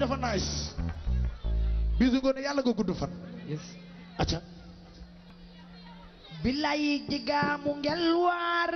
dafa nice bisu ngoone yàlla nga gudd fan acca billaayi jigaamu ngel waar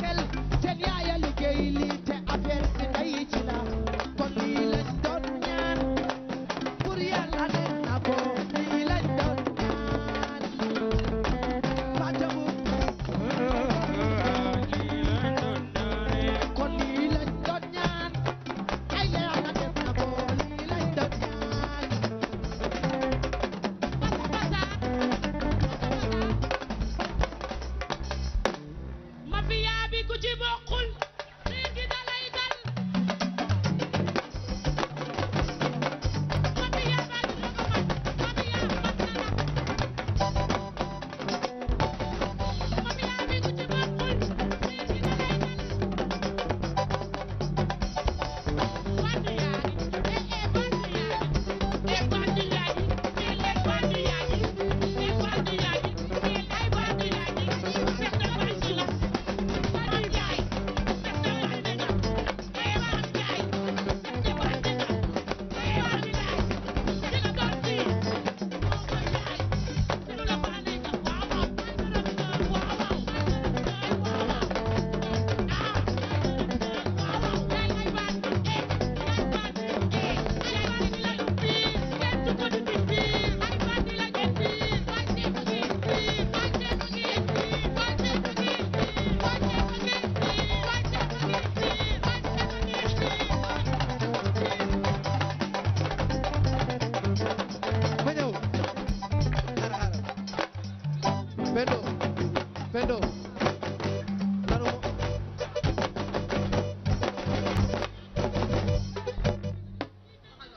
xel ku ci bokk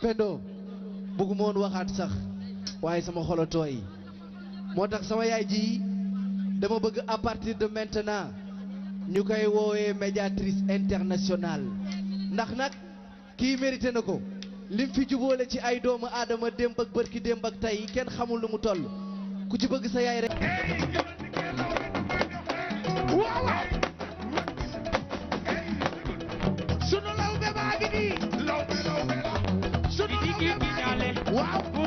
Pendo bëgguma woon waxaat sax waaye sama xol a moo tax sama yaay ji dama bëgg à partir de maintenant ñu koy woowee médiatrice internationale ndax nag kii mérité na ko lim fi jubóole ci ay doomu aadama démb ak ki démb ak tey kenn xamul lu mu toll ku ci bëgg sa yaay rek. waaw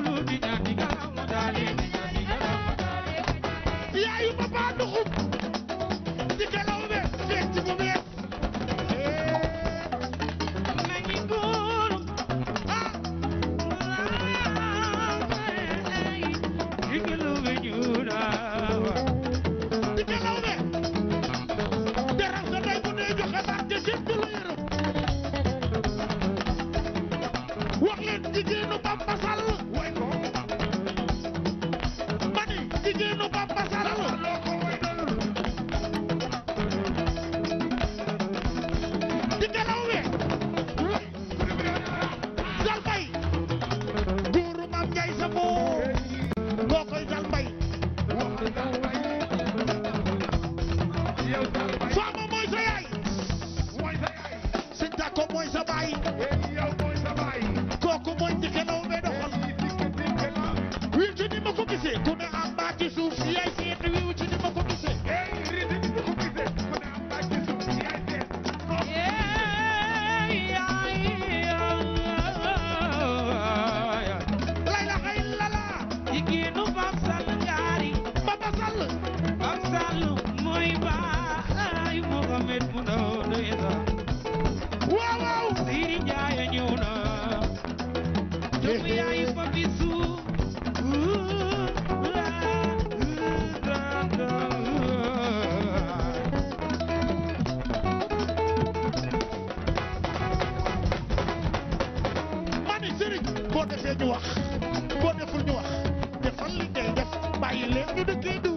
boo defee ñu wax boo deful ñu wax defal li ngay def bàyyi leen ñu dëkkee